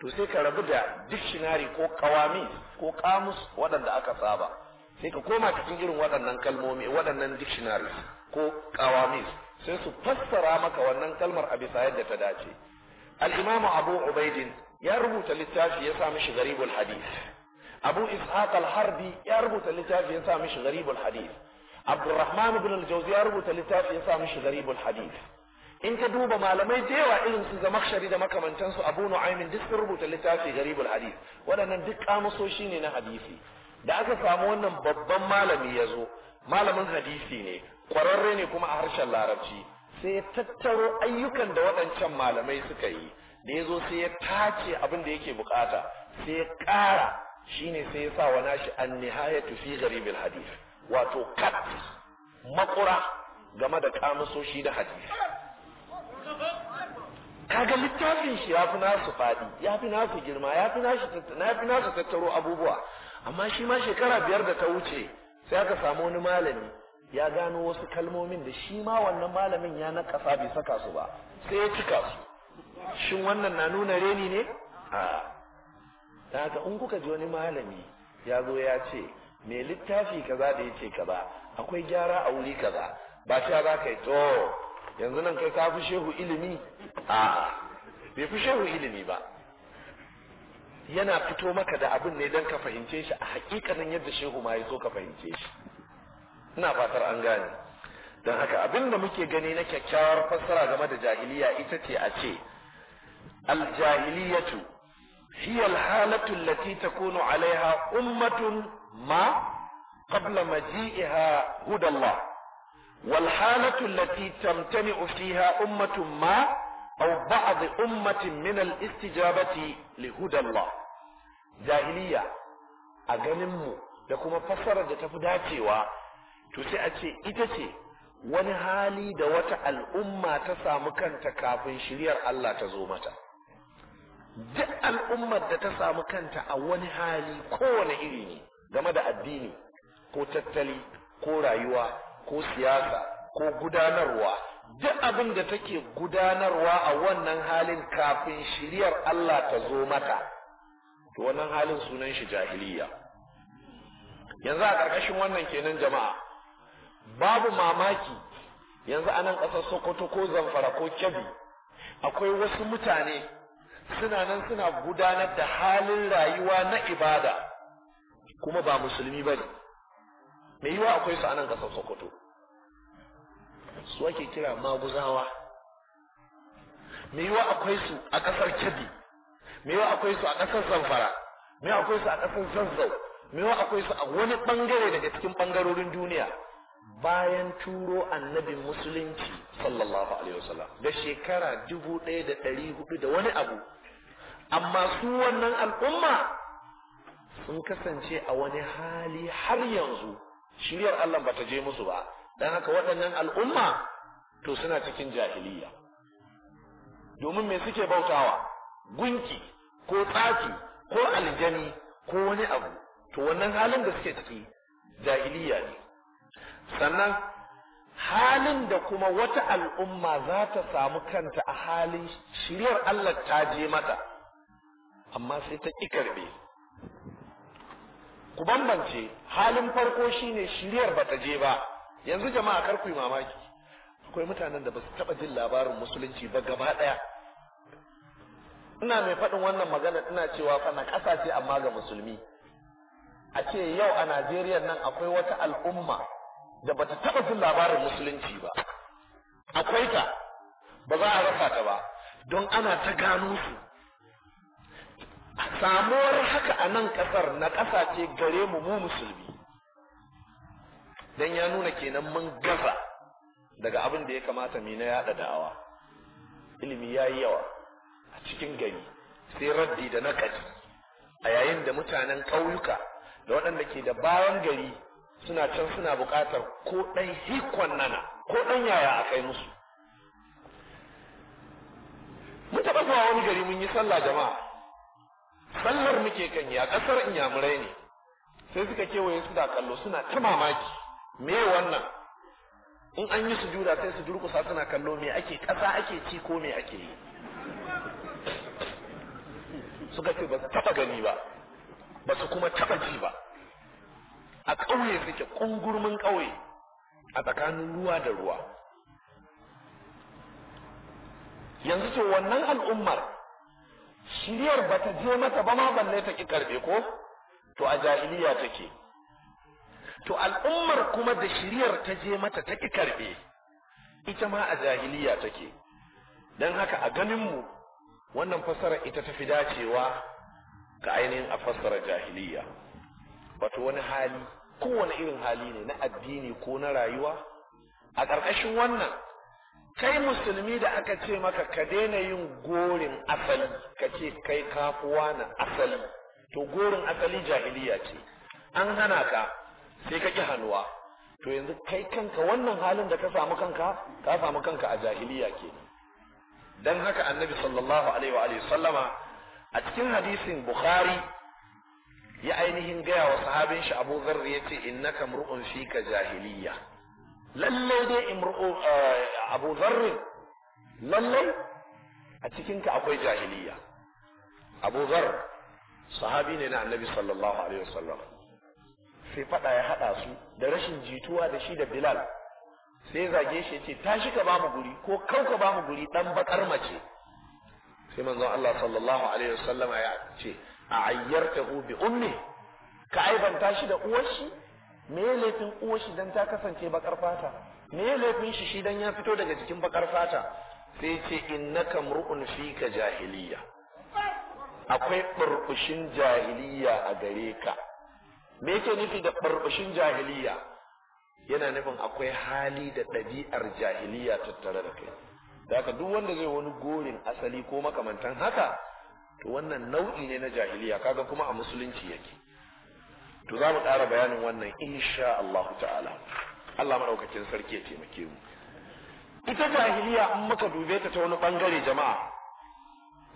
Speaker 3: to sai ka rabu da dictionary ko kawami ko kamus waɗanda aka saba sai ka koma cikin irin waɗannan kalmomi waɗannan dictionaries ko qawamis sai su fassara maka wannan kalmar a bisa yadda ta dace al-imamu abu ubaidin ya rubuta littafi ya sa mishi garibul hadith abu ishaq al-harbi ya rubuta littafi ya sa mishi garibul hadith abdurrahman ibn al-jawzi ya rubuta littafi ya sa mishi garibul hadith in ka duba malamai da yawa irin su zamakshari da makamantansu abu nu'aymin duk sun rubuta littafi garibul hadith waɗannan duk kamusoshi ne na hadisi da aka samu wannan babban malami ya zo malamin hadisi ne kwararre ne kuma a harshen larabci sai ya tattaro ayyukan da waɗancan malamai suka yi da ya zo sai ya tace abin da yake bukata sai ya ƙara shine sai ya sa wa nashi an nihayatu fi gharibil hadisi. wato kat makura game da kamusoshi da hadisi
Speaker 4: kaga littafin shi ya fi nasu
Speaker 3: faɗi ya fi nasu girma ya fi nasu tattaro abubuwa amma shi ma shekara biyar da ta wuce sai aka samu wani malami ya gano wasu kalmomin da shi ma wannan malamin ya nakasa bai saka su ba sai ya cika su shin wannan na nuna reni ne a da haka in kuka ji wani malami ya zo ya ce me littafi kaza da ya ce kaza akwai gyara a wuri kaza ba ta za ka yi to yanzu nan kai ka fi shehu ilimi a bai fi shehu ilimi ba yana fito maka da abin ne don ka fahimce shi a hakikanin yadda shehu ma ya so ka fahimce shi ina fatar an gane don haka abin da muke gani na kyakkyawar fassara game da jahiliya ita ce a ce aljahiliyatu hiya alhalatu allati takunu alaiha ummatun ma qabla maji'iha hudallah والحالة التي تمتنع فيها أمة ما aw ba'd ummatin minal istijabati li hudallah jahiliya a ganin mu da kuma fassarar da tafi dacewa to sai a ce ita ce wani hali da wata al'umma ta samu kanta kafin shiryar Allah ta zo mata duk al'ummar da ta samu kanta a wani hali kowane iri ne game da addini ko tattali ko rayuwa ko siyasa ko gudanarwa duk abin da take gudanarwa a wannan halin kafin shiriyar Allah ta zo mata to wannan halin sunan shi jahiliya yanzu a ƙarƙashin wannan kenan jama'a babu mamaki yanzu a nan ƙasar Sokoto ko Zamfara ko Kebbi akwai wasu mutane suna nan suna gudanar da halin rayuwa na ibada kuma ba musulmi bane me yiwa akwai su a nan ƙasar Sokoto su ake kira maguzawa me yiwa akwai su a ƙasar kebbi me yiwa akwai su a ƙasar zamfara me yiwa akwai su a ƙasar zazzau me yiwa akwai su a wani bangare daga cikin bangarorin duniya bayan turo annabin musulunci sallallahu alaihi wasallam da shekara dubu ɗaya da ɗari hudu da wani abu amma su wannan al'umma sun kasance a wani hali har yanzu shiryar Allah bata je musu ba dan haka waɗannan al'umma to suna cikin jahiliya domin me suke bautawa gunki ko tsaki ko aljani ko wani abu to wannan halin da suke ciki jahiliya ne sannan halin da kuma wata al'umma za ta samu kanta a halin shiryar Allah ta je mata amma sai ta ƙi karbe ku bambance halin farko shine shiryar bata je ba yanzu jama'a kar ku yi mamaki akwai mutanen da ba su taba jin labarin musulunci ba gaba daya ina mai faɗin wannan magana ina cewa fa na ƙasa ce amma ga musulmi a ce yau a Najeriya nan akwai wata al'umma da bata taba jin labarin musulunci ba akwai ta ba za a rasa ta ba don ana ta gano su samuwar haka a nan ƙasar na ƙasa ce gare mu mu musulmi dan ya nuna kenan mun gaza daga abin da ya kamata mu na yada da'awa ilimi yayi yawa a cikin gari sai raddi da nakadi a yayin da mutanen ƙauyuka da waɗanda ke da bayan gari suna can suna buƙatar ko ɗan hikon nana ko ɗan yaya a kai musu mun taɓa zuwa wani gari mun yi sallah jama'a sallar muke kan ya ƙasar inyamurai ne sai suka kewaye su da kallo suna ta mamaki me wannan in an yi sujuda sai su durkusa suna kallo me ake ƙasa ake ci ko me ake yi suka ce ba su taɓa gani ba ba su kuma taɓa ji ba a ƙauye suke ƙungurmin ƙauye a tsakanin ruwa da ruwa yanzu ce wannan al'ummar shiryar ba ta je mata ba ma balle ta ki karɓe ko to a jahiliya take to al'ummar kuma da shiriyar ta je mata ta ki karbe ita ma a jahiliya take don haka a ganin mu wannan fassara ita ta fi dacewa ga ainihin a fassara jahiliya wato wani hali kowane irin hali ne na addini ko na rayuwa a ƙarƙashin wannan kai musulmi da aka ce maka ka daina yin gorin asali ka ce kai kafuwa na asali to gorin asali jahiliya ce an hana ka sai ka ƙi hannuwa to yanzu kai kanka wannan halin da ka samu kanka ka samu kanka a jahiliya ke. dan haka annabi sallallahu alaihi wa alihi sallama a cikin hadisin bukhari ya ainihin gaya wa sahabin shi abu zarri ya ce innaka mur'un fika jahiliya lalle dai imru'u eh, abu zarri lalle a cikinka akwai jahiliya abu zarr sahabi ne na annabi sallallahu alaihi wa wasallam sai faɗa ya haɗa su da rashin jituwa da shi da Bilal sai zage shi ce tashi ka bamu guri ko kau ka bamu guri dan bakar mace sai manzon Allah sallallahu alaihi wasallam ya ce a ayyartahu bi ummi ka aiban tashi da uwar shi me laifin uwar shi dan ta kasance bakar fata me laifin shi shi dan ya fito daga cikin bakar fata sai ce innaka mur'un fika jahiliya akwai burbushin jahiliya a gare ka me yake nufi da ɓarɓashin jahiliya yana nufin akwai hali da ɗabi'ar jahiliya tattare da kai da duk wanda zai wani gorin asali ko makamantan haka to wannan nau'i ne na jahiliya kaga kuma a musulunci yake to za mu ƙara bayanin wannan insha Allah ta'ala Allah maɗaukakin sarki ya taimake mu ita jahiliya in muka dube ta ta wani ɓangare jama'a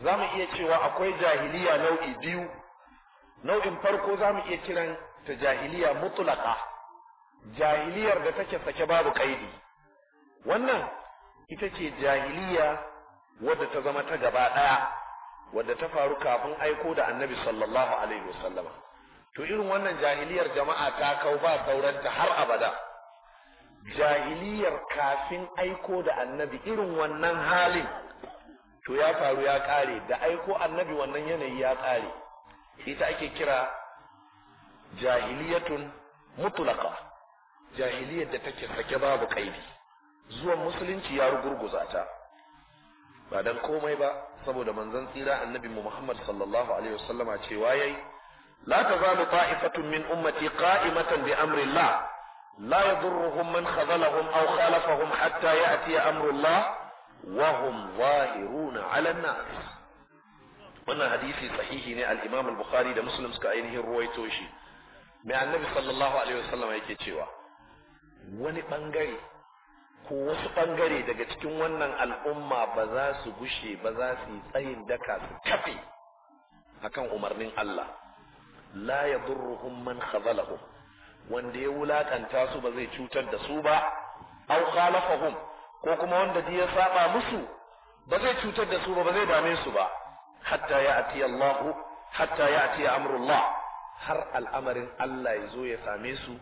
Speaker 3: za mu iya cewa akwai jahiliya nau'i biyu nau'in farko za mu iya kiran ta jahiliya mutlaka jahiliyar da take sake babu kaidi wannan ita ce jahiliya wadda ta zama ta gaba ɗaya wadda ta faru kafin aiko da annabi sallallahu alaihi wasallama to irin wannan jahiliyar jama'a ta kau ba sauranta har abada jahiliyar kafin aiko da annabi irin wannan halin to ya faru ya ƙare da aiko annabi wannan yanayi ya kare ita ake kira jahiliyatun mutlaka jahiliyar da take sake babu kaidi zuwan musulunci ya rugurguza ta ba dan komai ba saboda manzon tsira annabi Muhammad sallallahu alaihi wasallama cewa yayi la tazalu ta'ifatun min ummati qa'imatan bi amri Allah la yadurruhum man khadalahum aw khalafahum hatta ya'ti amru Allah wa hum zahiruna 'ala an-nas wannan hadisi sahihi ne al-Imam al-Bukhari da Muslim suka ainihin ruwaito shi mai annabi sallallahu alaihi wasallam yake cewa wani bangare ko wasu bangare daga cikin wannan al'umma ba za su gushe ba za su yi tsayin daka su kafe akan umarnin Allah la yadurruhum man khazalahum wanda ya wulakanta su ba zai cutar da su ba aw khalafahum ko kuma wanda ya saba musu ba zai cutar da su ba ba zai dame su ba hatta ati Allah hatta ya'ti amrullah har al'amarin Allah ya zo ya same su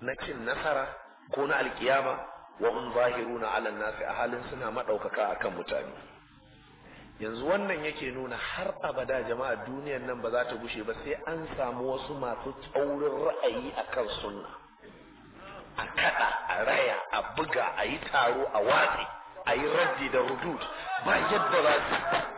Speaker 3: na cin nasara ko na alkiyama wa zahiru na alan nasi a halin suna maɗaukaka a kan mutane yanzu wannan yake nuna har abada jama'a duniyar nan ba za ta gushe ba sai an samu wasu masu tsaurin ra'ayi a kan sunna a kada a raya a buga a yi taro a watsi a yi raddi da rudud ba yadda za su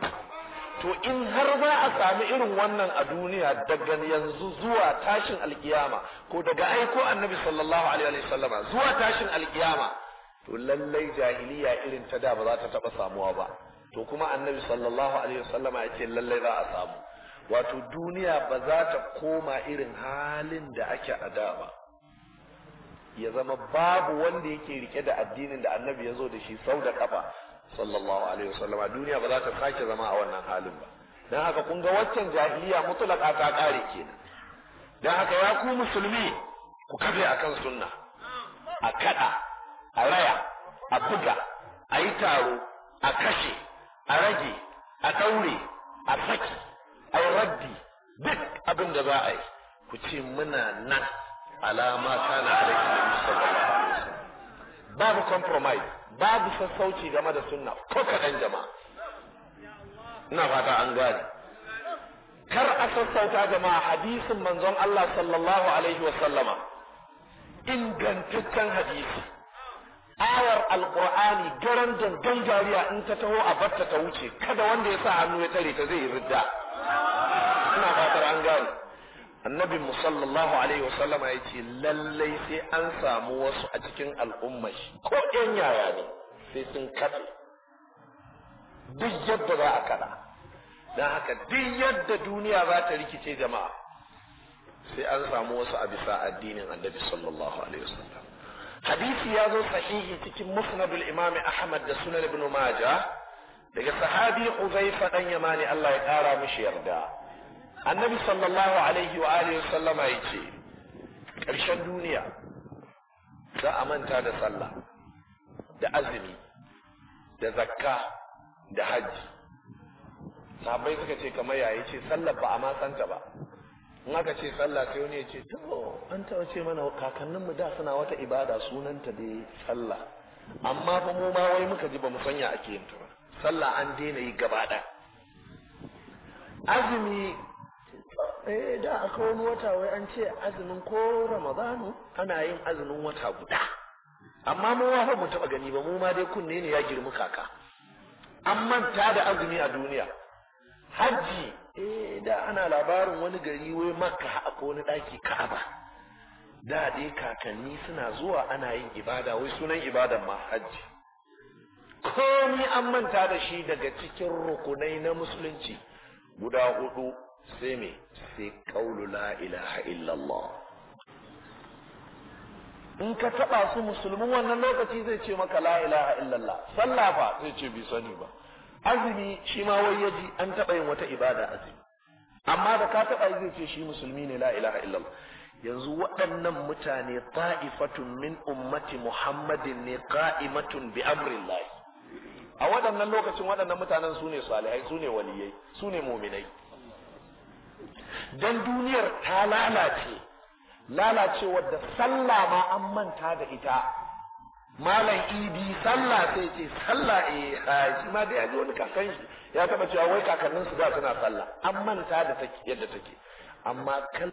Speaker 3: to in har za a sami irin wannan a duniya daga yanzu zuwa tashin alkiyama ko daga aiko annabi sallallahu alaihi wasallama zuwa tashin alkiyama to lallai jahiliya irin ta da ba za ta taba samuwa ba to kuma annabi sallallahu alaihi wasallama yake lallai za a samu wato duniya ba za ta koma irin halin da ake a da ba ya zama babu wanda yake rike da addinin da annabi ya zo da shi sau da kafa sallallahu alaihi wasallama duniya ba za ta sake zama a wannan halin ba dan haka kun ga waccan jahiliya mutlaka ta kare kenan dan haka ya ku musulmi ku kafe akan sunna a kada a raya a buga a yi taro a kashe a rage a daure a saki a raddi duk abin da za a yi ku ce muna nan alama kana sallallahu alaihi
Speaker 4: wasallam babu compromise
Speaker 3: babu sassauci game da sunna ko kaɗan jama'a
Speaker 4: ina fata an gane
Speaker 3: kar a sassauta jama'a hadisin manzon Allah sallallahu alaihi wa sallama ingantaccen hadisi ayar alqur'ani garan dangan jariya in ta taho a batta ta wuce kada wanda ya sa hannu ya tare ta zai ridda ina fatar an gane Annabi mu sallallahu alaihi wasallama ya ce lallai sai an samu wasu a cikin al'ummar shi ko ɗan yaya ne sai sun katse
Speaker 2: duk yadda za a kada
Speaker 3: don haka duk yadda duniya za ta rikice jama'a sai an samu wasu a bisa addinin annabi sallallahu alaihi wasallam hadisi ya zo sahihi cikin musnadul imam ahmad da sunan ibn majah daga sahabi uzaifa dan yamani Allah ya kara mishi yarda annabi sallallahu alaihi wa alihi sallama yace ƙarshen duniya za a manta da sallah da azumi da zakka da hajji sabai suka ce kamar ya yace sallah ba a ma santa ba in aka ce sallah sai wani ya ce to an taɓa ce mana mu da suna wata ibada sunanta dai sallah amma fa mu ma wai muka ji ba mu sanya ake yin ta ba sallah an daina yi gaba ɗaya azumi eh da aka wani wata wai an ce azumin ko ramadanu ana yin azumin wata guda amma mu wa mu taba gani ba mu ma dai kunne ne ya girmi kaka an manta da azumi a duniya
Speaker 4: hajji
Speaker 3: eh da ana labarin wani gari wai makka akwai wani daki ka'aba da dai kakanni suna zuwa ana yin ibada wai sunan ibadan ma Ko komi an manta da shi daga cikin rukunai na musulunci guda hudu sai me sai qaulu la ilaha illallah in ka taba su musulmin wannan lokaci zai ce maka la ilaha illallah sallah ba zai ce bi sani ba azumi shi ma wai yaji an taba yin wata ibada azumi amma da ka taba zai ce shi musulmi ne la ilaha illallah yanzu waɗannan mutane ta'ifatun min ummati muhammadin ne qa'imatun bi amrillah a waɗannan lokacin waɗannan mutanen su ne salihai su ne waliyai su ne muminai dan duniyar ta lalace lalacewar da sallah ma an manta da ita
Speaker 2: malam idi sallah
Speaker 3: sai ce sallah eh shi ma da ya wani kakan shi ya taba cewa wai kakannin su ba suna sallah an manta da take yadda take amma kal